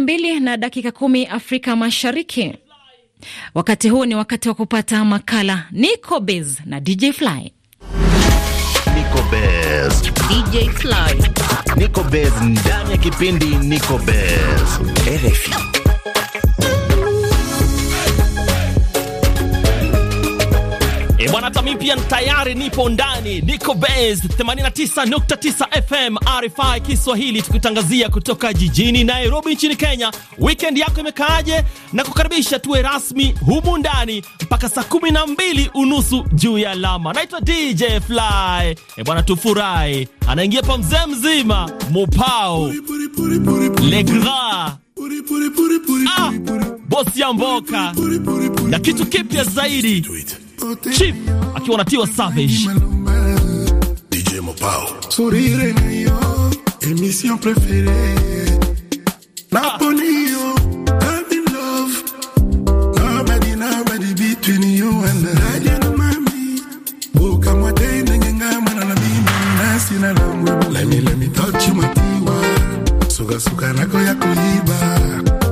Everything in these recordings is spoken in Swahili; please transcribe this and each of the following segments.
mbili na dakika kumi Afrika Mashariki. Wakati huu ni wakati wa kupata makala Nico Bez na DJ Fly. Nico Bez. DJ Fly. Nico ndani ya kipindi Nico Bez. RFI. E bwana, hata mimi pia tayari nipo ndani, niko base 89.9 FM RFI Kiswahili, tukitangazia kutoka jijini Nairobi nchini Kenya. Weekend yako imekaaje? Na kukaribisha tuwe rasmi humu ndani mpaka saa 12 na unusu juu ya lama. Naitwa DJ Fly. E bwana, tufurahi. Anaingia pa mzee mzima Mupao Legra ah, bosi ya mboka na kitu kipya zaidi Chief akiwa na Tiwa Savage. DJ Mopao. Sourire mio, émission e préférée. Ah. Naponio, I'm in love. Nobody, nobody between you and the radio Let me, let me touch you matiwa. Suga suga nako ya kuiba.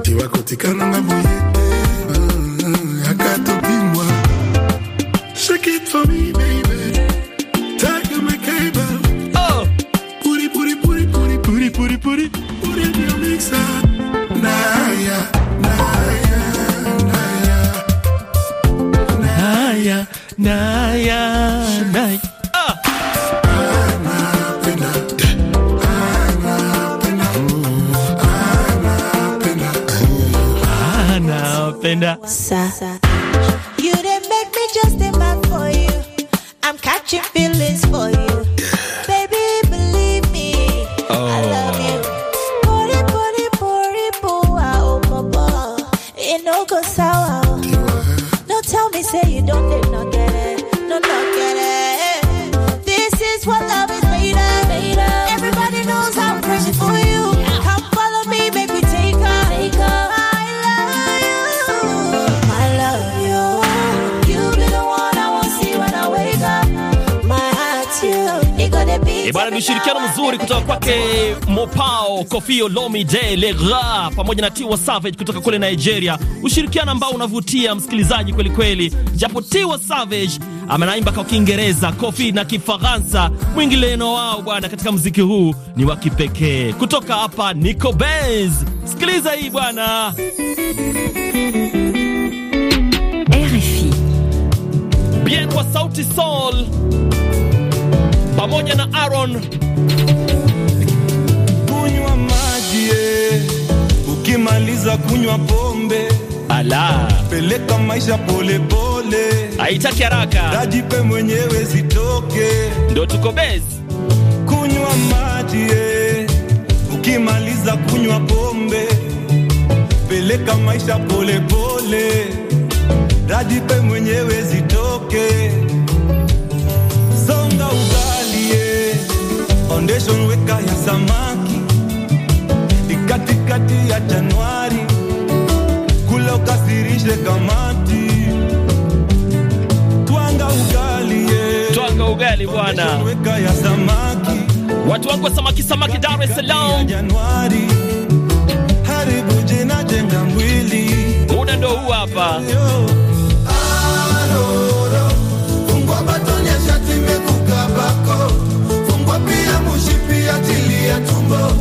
Tiwa kutikana ngabu Catching feelings for you. Eh bwana, ni ushirikiano mzuri kutoka kwake Mopao Koffi Olomide Legra pamoja na Tiwa Savage kutoka kule Nigeria, ushirikiano ambao unavutia msikilizaji kweli kweli, japo Tiwa Savage amenaimba kwa Kiingereza, kofi na Kifaransa. Mwingiliano wao bwana katika muziki huu ni wa kipekee. Kutoka hapa Nico Benz, sikiliza hii bwana. RFI bien kwa sauti soul pamoja na Aaron. Kunywa maji, ukimaliza kunywa pombe, ala, peleka maisha polepole, haitaki haraka, tajipe mwenyewe zitoke, ndo tuko bezi. Kunywa maji, ukimaliza kunywa pombe, peleka maisha polepole, tajipe mwenyewe zitoke foundation weka ya samaki ikatikati ya Januari kula ukasirishe kamati twanga ugali yeah. twanga ugali bwana weka ya samaki watu wangu wa samaki samaki Dar es Salaam Januari haribu jina jenga mwili una ndo huu hapa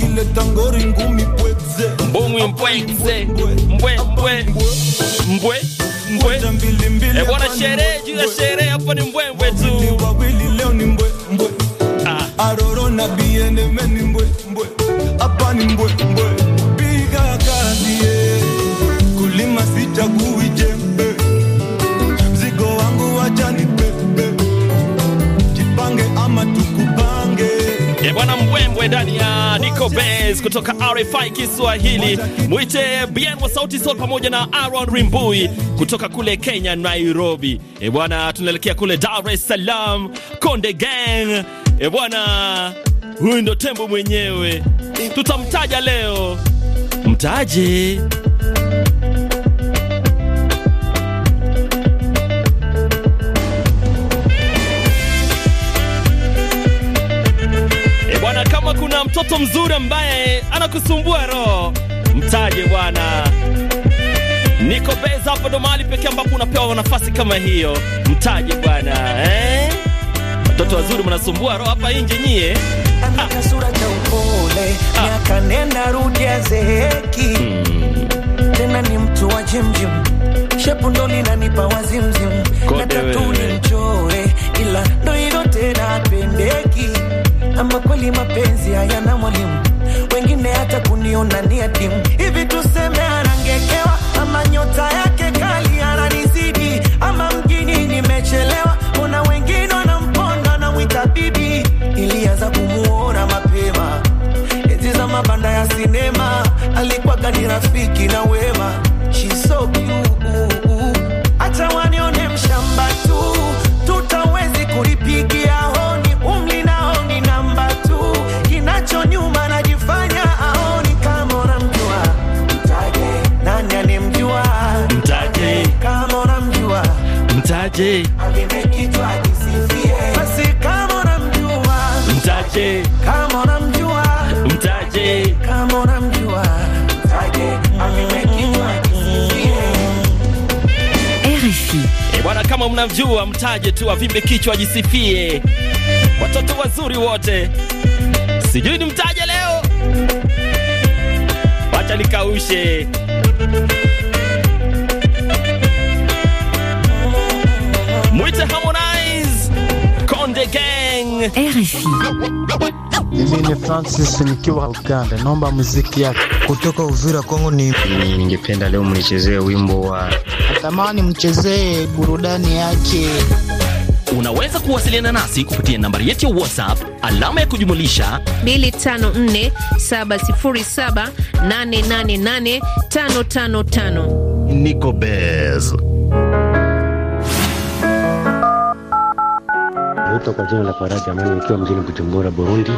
kile tango ringumi pwekze mbongwi mpwekze mbwe mbwe mbwe mbwe e bwana sherehe juu ya sherehe hapo ni mbwe mbwe tu wawili leo ni mbwe mbwe ah. aroro na bieneme ni mbwe mbwe hapa ni mbwe mbwe piga kazi eh. kulima sichaguije E bwana mbwembwe ndani ya Nico Bez kutoka RFI Kiswahili, mwite bn wa Sauti Sol pamoja na Aaron Rimbui kutoka kule Kenya, Nairobi. E bwana, tunaelekea kule Dar es Salaam, Konde Gang. E bwana, huyu ndo tembo mwenyewe, tutamtaja leo, mtaje? mtoto mzuri ambaye anakusumbua roho, mtaje bwana. Niko beza hapo, ndo mahali pekee ambapo unapewa nafasi kama hiyo, mtaje bwana eh? Watoto wazuri mnasumbua roho hapa nje nyie. Ana ah. sura ya upole, ah. miaka nenda rudi azeeki, hmm. tena ni mtu wa jimjim, shepu ndo linanipa wazimzim na tatuni ama kweli mapenzi hayana mwalimu, wengine hata kuniona ni adimu. Hivi tuseme anangekewa ama nyota yake kali ananizidi ama mjini nimechelewa, kuna wengine wanamponda mwita bibi. Ilianza kumuona mapema enzi za mabanda ya sinema, alikuwaga ni rafiki na wema unamjua, mtaje tu, avimbe kichwa, ajisifie. Watoto wazuri wote, sijui ni mtaje leo, wacha nikaushe mwite Harmonize Konde Gang. RFI. Mimi ni Francis nikiwa Uganda, naomba muziki yake kutoka Uvira Kongo. Ni ningependa leo mnichezee wimbo wa natamani mchezee burudani yake. Unaweza kuwasiliana nasi kupitia nambari yetu ya WhatsApp alama ya kujumulisha 254707888555. Nico Bez Ruto kwa jina la Faraja Amani, ikiwa mjini Bujumbura, Burundi.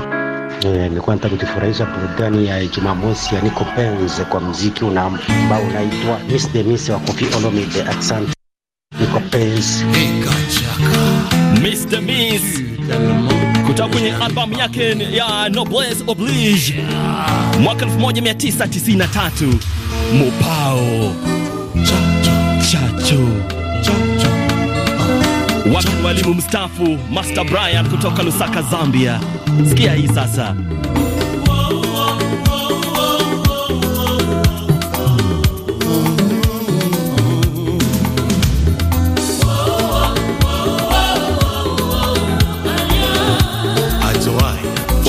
Eh, nilikuwa nataka kujifurahisha burudani ya Jumamosi ya Niko Penze kwa mziki una ambao unaitwa Miss the Miss wa Koffi Olomide. Asante Niko Penze Miss the Miss kutoka kwenye albamu yake ya Noblesse Oblige mwaka 1993 Chacho chacho chacho Watu walimu mstafu Master Brian kutoka Lusaka, Zambia. Sikia hii sasa.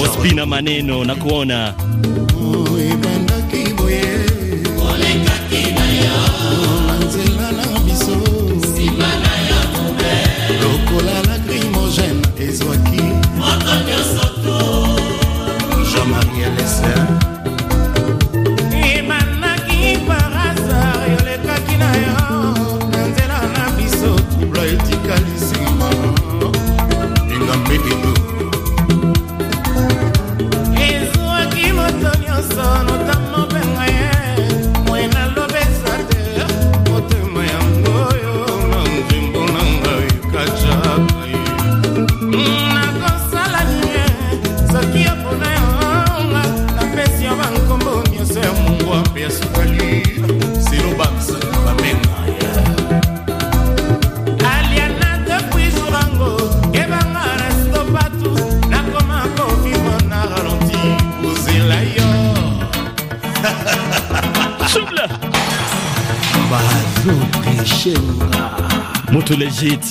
Ospina maneno na kuona Mazupishenga mutu legit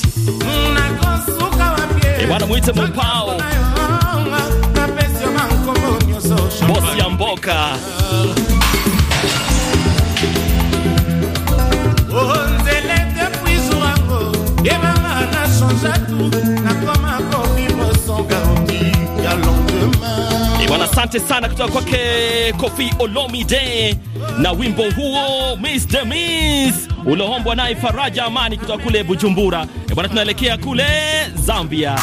eh, bwana, mwite mupao bosi ya mboka eh, asante sana kutoka kwake Kofi Olomide na wimbo huo Mr. Miss uloombwa naye Faraja Amani kutoka kule Bujumbura. E bwana, tunaelekea kule Zambia.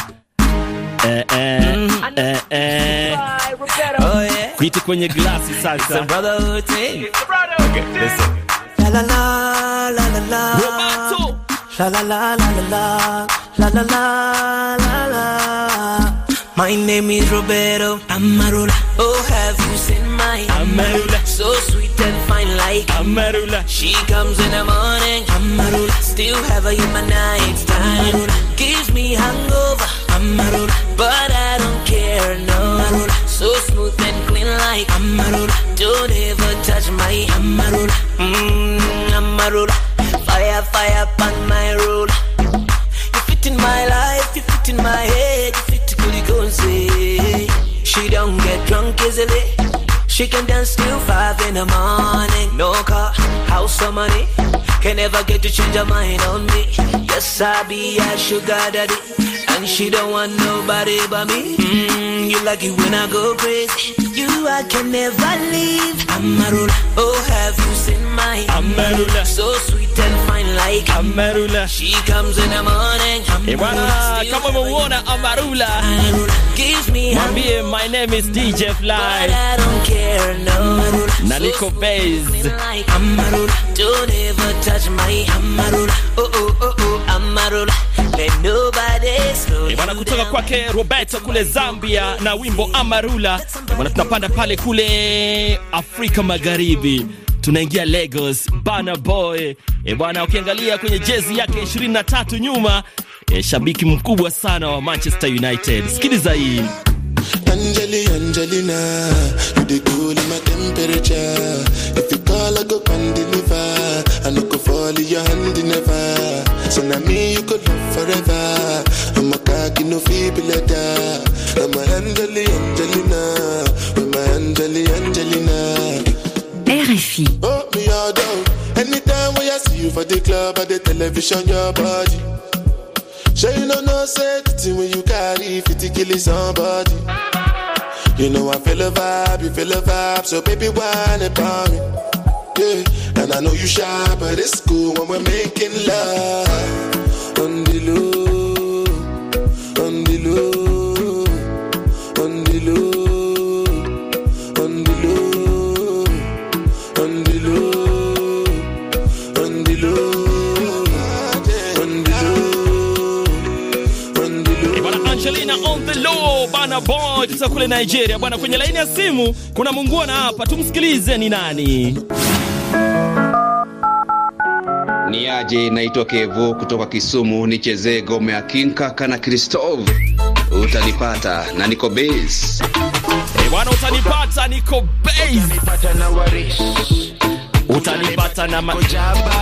Eh, eh, mm. eh, eh. Oh, yeah. Kwiti kwenye glasi sasa. My name is Roberto Amarola. Oh, have you seen mine. Amarula, so sweet and fine like Amarula. She comes in the morning. Amarula, still have her in my time, Amarula gives me hangover. Amarula, but I don't care no. Amarula, so smooth and clean like Amarula. Don't ever touch my Amarula. Mmm, Amarula. Fire, fire on my rule. You fit in my life, you fit in my head, you fit to go and say. She don't get drunk easily. She can dance till five in the morning. No car, house or money. Can never get to change her mind on me. Yes, I be a sugar daddy. And she don't want nobody but me. Mm, you like it when I go crazy. You I can never leave. I'm a ruler. Oh, have you seen my I'm a ruler. So sweet and fine like Amarula. She comes in the morning. Iwana, kama mwana Amarula. Gives me Mwambie, my name is DJ Fly. But I don't care, no. Naliko Bays. Like Amarula. Don't ever touch my Amarula. Oh, oh, oh, oh. Eh, bwana kutoka kwake Roberto kule Zambia na wimbo Amarula. Eh, bwana, tunapanda pale kule Afrika Magharibi, tunaingia Lagos. Bana boy e bwana, ukiangalia kwenye jezi yake 23 nyuma e, shabiki mkubwa sana wa Manchester United. Sikiliza hii Angelina, Angelina, And I mean you could love forever. I'm a cocky no feeble I'm a Angeli Angelina. I'm a Angeli Angelina. RFI. Oh, me all down. Anytime when I see you for the club or the television, your body. Sure you know no safety when you carry 50 kill somebody. You know I feel a vibe, you feel a vibe, so baby whine about me. popping. And I know you shy, but it's cool when we're making love. Undilu, undilu, undilu, undilu, undilu, undilu, undilu, undilu. low, on Bwana Angelina on the low, bana boy, tuta kule Nigeria bwana. Kwenye laini ya simu kuna mungu mungwana hapa, tumsikilize ni nani niaje, naitwa Kevo kutoka Kisumu, nichezee gome ya Kinka kana Kristov, utanipata na niko base bwana, utanipata niko base, utanipata na majaba,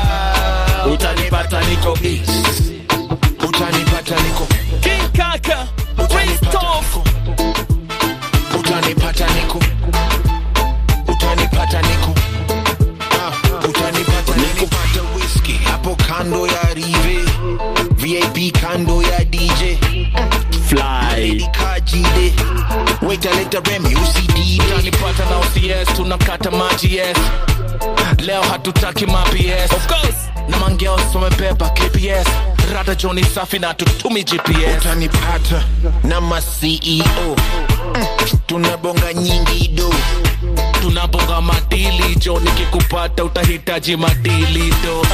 utanipata niko base, utanipata niko Kinkaka Kristov, utanipata niko Kando ya rive VIP kando ya DJ Fly Kajide Waiter leta rem UCD Tanipata na OCS tunakata maji yes Leo hatutaki maps Of course na mangeo sume pepa KPS Rata joni safi na tutumi GPS utanipata na ma CEO mm, tunabonga nyingi do na boga matili jo nikikupata utahitaji madili do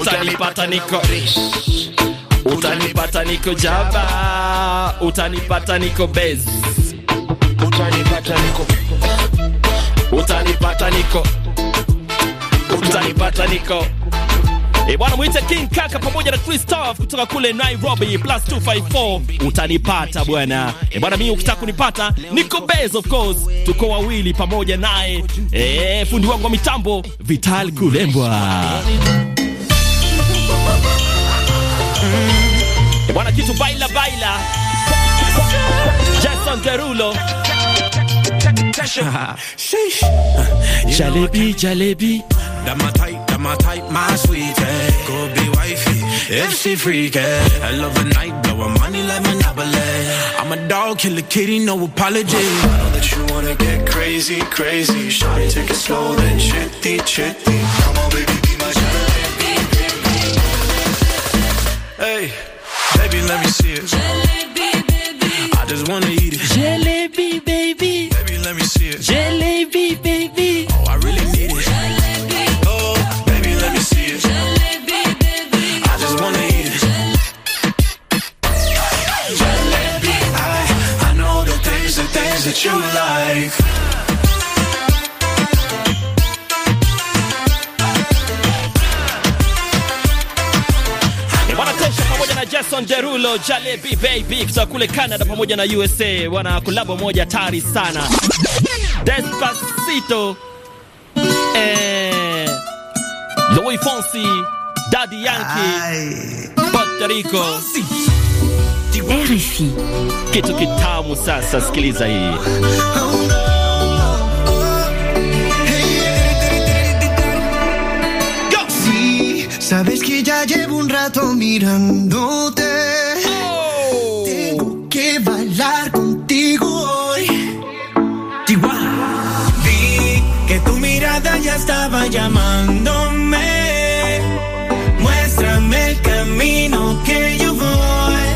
utanipata niko rish utanipata niko jaba utanipata niko bez utanipata niko utanipata niko utanipata niko E bwana, mwite King Kaka pamoja na Christoph kutoka kule Nairobi plus 254 utanipata bwana. E bwana, mimi ukitaka kunipata niko base of course, tuko wawili pamoja naye Eh, fundi wangu wa mitambo Vital Kulembwa. E bwana, kitu baila baila Jason Derulo Jalebi, jalebi. my type, my sweetie. Go be wifey, if she freaky. Hell of a night, blowin' money like Monopoly. I'm a dog, kill a kitty, no apology. I know that you wanna get crazy, crazy. Shawty, take it slow, then chitty, chitty. Come on, baby, be my chitty. Hey, baby, let me see Digital Jalebi Baby kutoka kule Canada pamoja na USA wana kolabo moja tari sana. Despacito eh, Louis Fonsi, Daddy Yankee, Puerto Rico. RFI. Kitu kitamu sasa, sikiliza hii. Sabes que ya llevo un rato mirándote estaba llamándome. Muéstrame el camino que yo voy.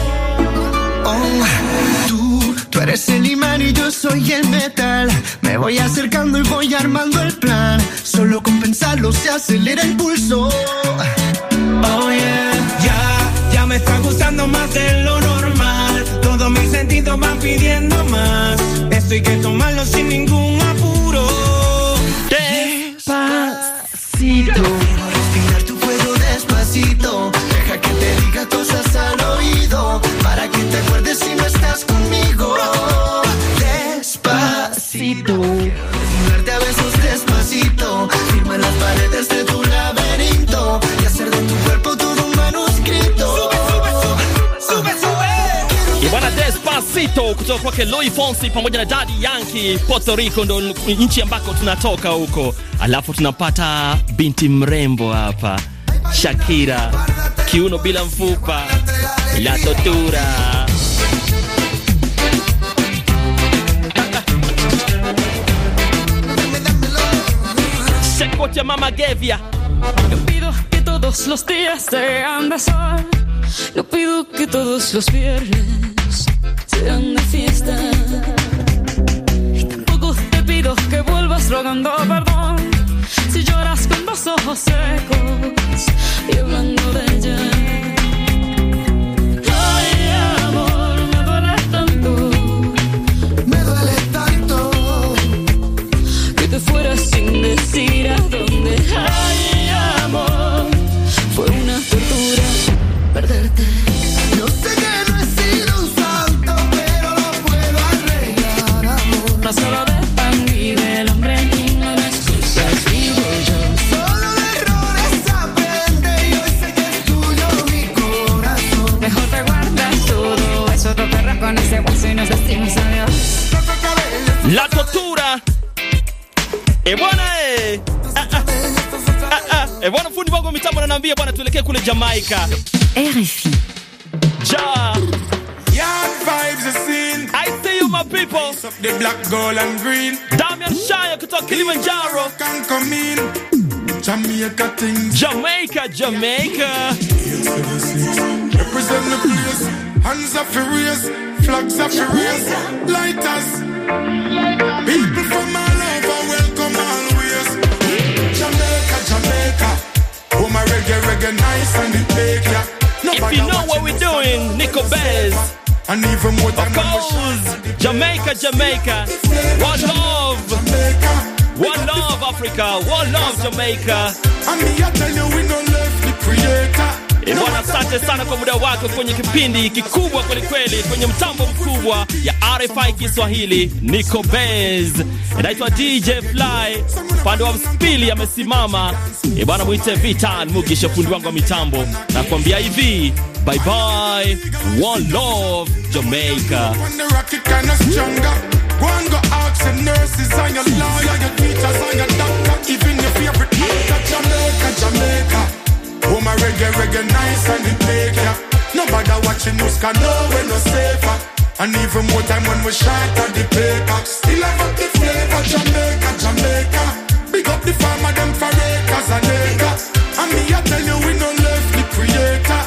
Oh, tú, tú eres el imán y yo soy el metal. Me voy acercando y voy armando el plan. Solo con pensarlo se acelera el pulso. Oh yeah, ya, ya me está gustando más de lo normal. Todos mis sentidos van pidiendo más. Esto hay que tomarlo sin ningún apuro despacito. Respirar tu fuego despacito. Deja que te diga cosas al oído. Para que te acuerdes si no estás conmigo. Despacito. Quiero Mzito kutoka kwake Loi Fonsi pamoja na Daddy Yankee. Puerto Rico ndo nchi ambako tunatoka huko, alafu tunapata binti mrembo hapa Shakira, kiuno bila mfupa, la tortura Mama Gevia. Yo pido que todos los días sean de sol. Yo pido que todos los viernes grande fiesta. Y tampoco te pido que vuelvas rogando perdón. Si lloras con los ojos secos y hablando de ella. fueras sin decir a dónde amor. vive el hombre, ninguna excusa digo yo. Solo un error es aprender y hoy sé que es tuyo mi corazón. Mejor te guardas todo, eso te perras con ese bolso y nos decimos adiós. La cottura e buona è e... Ah, buona ah, ah. Ah, ah. E buona fundi wangu tu le nambia bwana tuelekee Jamaica. RFI. Ja. Yard vibes are seen. I see you, my people. Face up the black, gold, and green. Damian Shire, Kuta Kilimanjaro. Can come in. Jamaica things. Jamaica, Jamaica. Represent the place. Hands are furious. Flags are furious. Lighters. People from all over, welcome always. Jamaica, Jamaica. Oh, my reggae, reggae, nice and it take ya. Nobody if you know what we're doing, Nico Bez. And even more time of course, Jamaica, Jamaica, one love, one love Africa, one love Jamaica. And me I tell you we don't left the creator. E bwana, asante sana kwa muda wako kwenye kipindi kikubwa kwelikweli, kwenye mtambo mkubwa ya RFI Kiswahili. Niko Bez, naitwa DJ Fly, upande wa Mspili amesimama e bwana, mwite vita Mugisha, fundi wangu wa mitambo, nakwambia hivi bye bye, one love Jamaica. Jamaica, Jamaica. Oh my reggae, reggae nice and it take ya. Nobody watching us can know we're no safer. And even more time when we shot at the paper. Still I got the flavor, Jamaica, Jamaica. Big up the farmer, them for acres and acres. And me, I tell you, we know